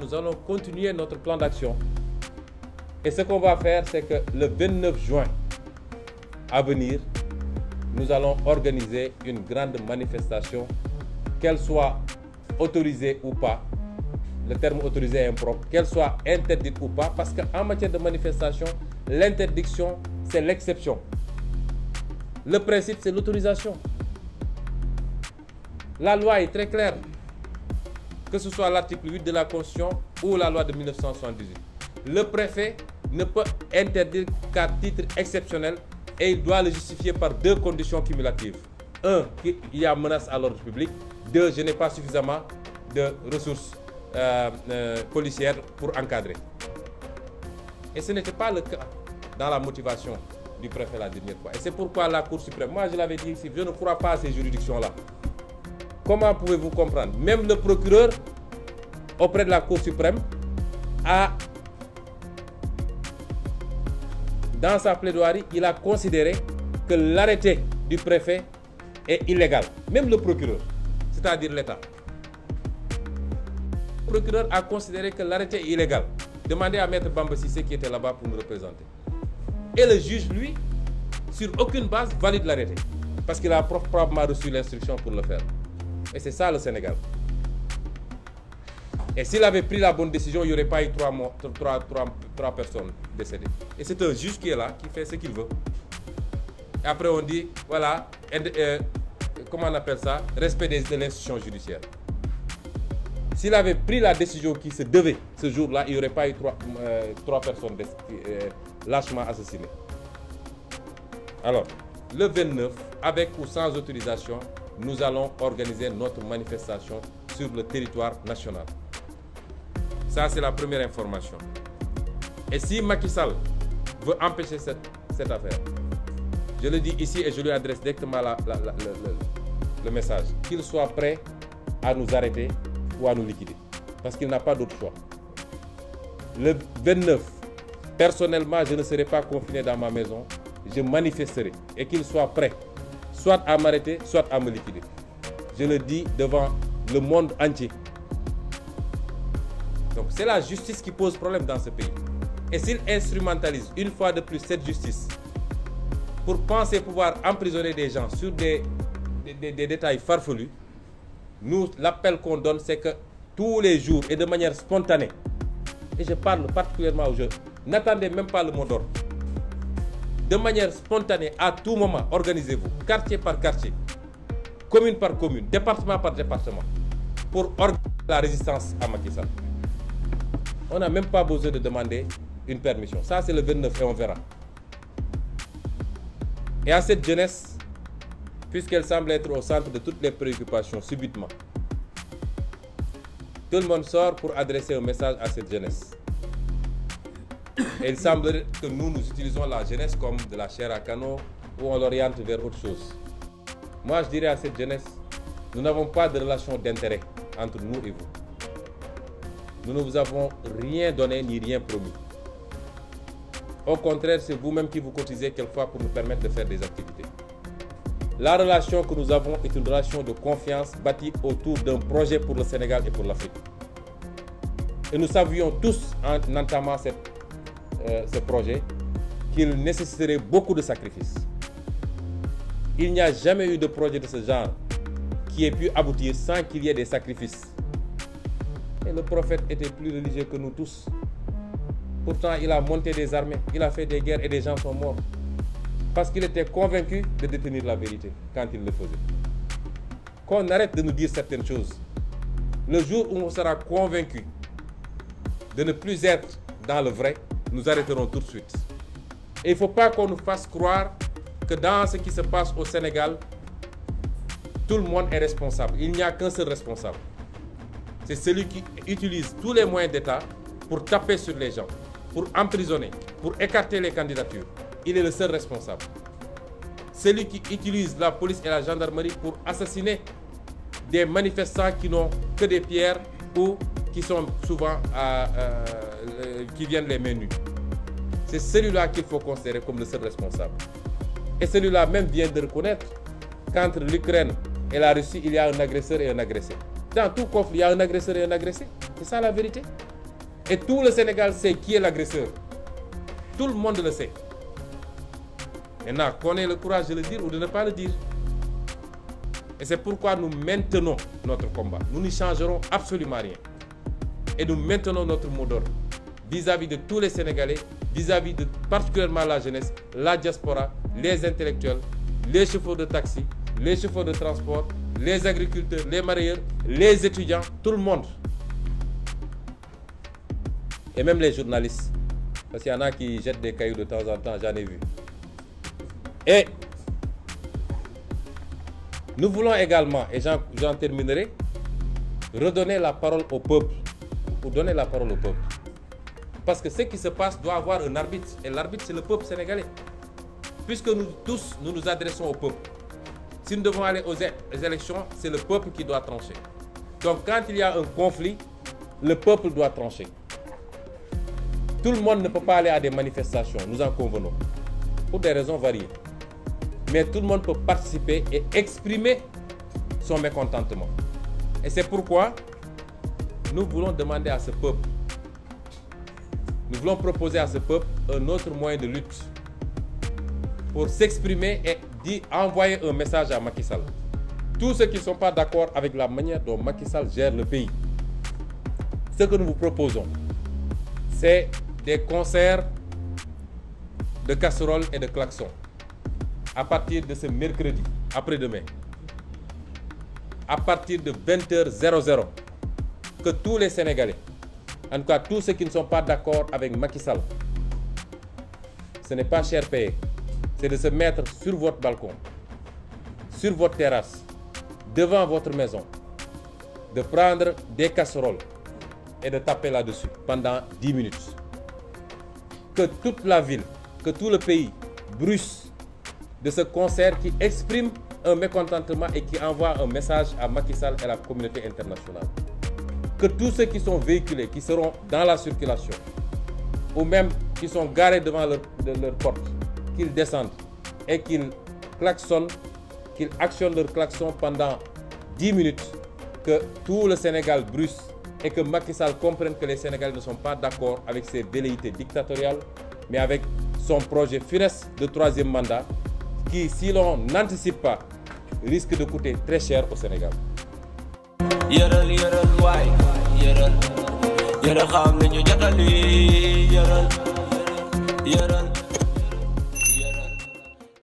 nous allons continuer notre plan d'action. Et ce qu'on va faire, c'est que le 29 juin à venir, nous allons organiser une grande manifestation, qu'elle soit autorisée ou pas. Le terme autorisé est impropre, qu'elle soit interdite ou pas, parce qu'en matière de manifestation, l'interdiction, c'est l'exception. Le principe, c'est l'autorisation. La loi est très claire que ce soit l'article 8 de la Constitution ou la loi de 1978. Le préfet ne peut interdire qu'à titre exceptionnel et il doit le justifier par deux conditions cumulatives. Un, qu'il y a menace à l'ordre public. Deux, je n'ai pas suffisamment de ressources euh, euh, policières pour encadrer. Et ce n'était pas le cas dans la motivation du préfet la dernière fois. Et c'est pourquoi la Cour suprême, moi je l'avais dit ici, je ne crois pas à ces juridictions-là. Comment pouvez-vous comprendre Même le procureur auprès de la Cour suprême a, dans sa plaidoirie, il a considéré que l'arrêté du préfet est illégal. Même le procureur, c'est-à-dire l'État. Le procureur a considéré que l'arrêté est illégal. Demandez à Maître Bamba qui était là-bas pour nous représenter. Et le juge, lui, sur aucune base, valide l'arrêté. Parce qu'il a probablement reçu l'instruction pour le faire. Et c'est ça le Sénégal. Et s'il avait pris la bonne décision, il n'y aurait pas eu trois, personnes décédées. Et c'est un juge qui est là, qui fait ce qu'il veut. Et après, on dit, voilà, euh, comment on appelle ça Respect des, institutions judiciaires. S'il avait pris la décision qui se devait ce jour-là, il n'y aurait pas eu trois, euh, personnes euh, lâchement assassinées. Alors, le 29, avec ou sans autorisation, nous allons organiser notre manifestation sur le territoire national. Ça, c'est la première information. Et si Macky Sall veut empêcher cette, affaire, je le dis ici et je lui adresse directement le message, qu'il soit prêt à nous arrêter ou à nous liquider, parce qu'il n'a pas d'autre choix. Le 29, personnellement, je ne serai pas confiné dans ma maison, je manifesterai et qu'il soit prêt soit à m'arrêter, soit à me liquider. Je le dis devant le monde entier. Donc c'est la justice qui pose problème dans ce pays. Et s'il instrumentalise une fois de plus cette justice pour penser pouvoir emprisonner des gens sur des, des, détails farfelus, nous, l'appel qu'on donne, c'est que tous les jours et de manière spontanée, et je parle particulièrement aux jeunes, n'attendez même pas le mot d'ordre de manière spontanée, à tout moment, organisez-vous, quartier par quartier, commune par commune, département par département, pour organiser la résistance à Macky On n'a même pas besoin de demander une permission. Ça, c'est le 29 et on verra. Et à cette jeunesse, puisqu'elle semble être au centre de toutes les préoccupations subitement, tout le monde sort pour adresser un message à cette jeunesse. il semble que nous, nous utilisons la jeunesse comme de la chair à canot ou on l'oriente vers autre chose. Moi, je dirais à cette jeunesse, nous n'avons pas de relation d'intérêt entre nous et vous. Nous ne vous avons rien donné ni rien promis. Au contraire, c'est vous-même qui vous cotisez quelquefois pour nous permettre de faire des activités. La relation que nous avons est une relation de confiance bâtie autour d'un projet pour le Sénégal et pour l'Afrique. Et nous savions tous en entamant cette euh, ce projet qu'il nécessiterait beaucoup de sacrifices. Il n'y a jamais eu de projet de ce genre qui ait pu aboutir sans qu'il y ait des sacrifices. Et le prophète était plus religieux que nous tous. Pourtant, il a monté des armées, il a fait des guerres et des gens sont morts. Parce qu'il était convaincu de détenir la vérité quand il le faisait. Qu'on arrête de nous dire certaines choses. Le jour où on sera convaincu de ne plus être dans le vrai, nous arrêterons tout de suite. Et il ne faut pas qu'on nous fasse croire que dans ce qui se passe au Sénégal, tout le monde est responsable. Il n'y a qu'un seul responsable. C'est celui qui utilise tous les moyens d'État pour taper sur les gens, pour emprisonner, pour écarter les candidatures. Il est le seul responsable. Celui qui utilise la police et la gendarmerie pour assassiner des manifestants qui n'ont que des pierres ou qui sont souvent à, euh, euh, qui viennent les menus. C'est celui-là qu'il faut considérer comme le seul responsable. Et celui-là même vient de reconnaître qu'entre l'Ukraine et la Russie, il y a un agresseur et un agressé. Dans tout conflit, il y a un agresseur et un agressé. C'est ça la vérité. Et tout le Sénégal sait qui est l'agresseur. Tout le monde le sait. Maintenant, qu'on ait le courage de le dire ou de ne pas le dire. Et c'est pourquoi nous maintenons notre combat. Nous n'y changerons absolument rien. Et nous maintenons notre mot d'ordre vis-à-vis de tous les Sénégalais, vis-à-vis de particulièrement la jeunesse, la diaspora, les intellectuels, les chauffeurs de taxi, les chauffeurs de transport, les agriculteurs, les marieurs, les étudiants, tout le monde. Et même les journalistes. Parce qu'il y en a qui jettent des cailloux de temps en temps, j'en ai vu. Et nous voulons également, et j'en terminerai, redonner la parole au peuple. pour donner la parole au peuple. Parce que ce qui se passe doit avoir un arbitre. Et l'arbitre, c'est le peuple sénégalais. Puisque nous tous, nous nous adressons au peuple. Si nous devons aller aux élections, c'est le peuple qui doit trancher. Donc quand il y a un conflit, le peuple doit trancher. Tout le monde ne peut pas aller à des manifestations, nous en convenons, pour des raisons variées. Mais tout le monde peut participer et exprimer son mécontentement. Et c'est pourquoi nous voulons demander à ce peuple nous voulons proposer à ce peuple un autre moyen de lutte pour s'exprimer et envoyer un message à Macky Sall. Tous ceux qui ne sont pas d'accord avec la manière dont Macky Sall gère le pays, ce que nous vous proposons, c'est des concerts de casseroles et de klaxons à partir de ce mercredi, après-demain, à partir de 20h00, que tous les Sénégalais en tout cas, tous ceux qui ne sont pas d'accord avec Macky Sall, ce n'est pas cher payé. C'est de se mettre sur votre balcon, sur votre terrasse, devant votre maison, de prendre des casseroles et de taper là-dessus pendant 10 minutes. Que toute la ville, que tout le pays brusse de ce concert qui exprime un mécontentement et qui envoie un message à Macky Sall et à la communauté internationale que tous ceux qui sont véhiculés, qui seront dans la circulation, ou même qui sont garés devant leur, porte, qu'ils descendent et qu'ils klaxonnent, qu'ils actionnent leur klaxon pendant 10 minutes, que tout le Sénégal brusse et que Macky Sall comprenne que les Sénégalais ne sont pas d'accord avec ses velléités dictatoriales, mais avec son projet funeste de troisième mandat, qui, si l'on n'anticipe pas, risque de coûter très cher au Sénégal. yëral yëral waay yëral yëral xam nañu jotal yi yëral yëral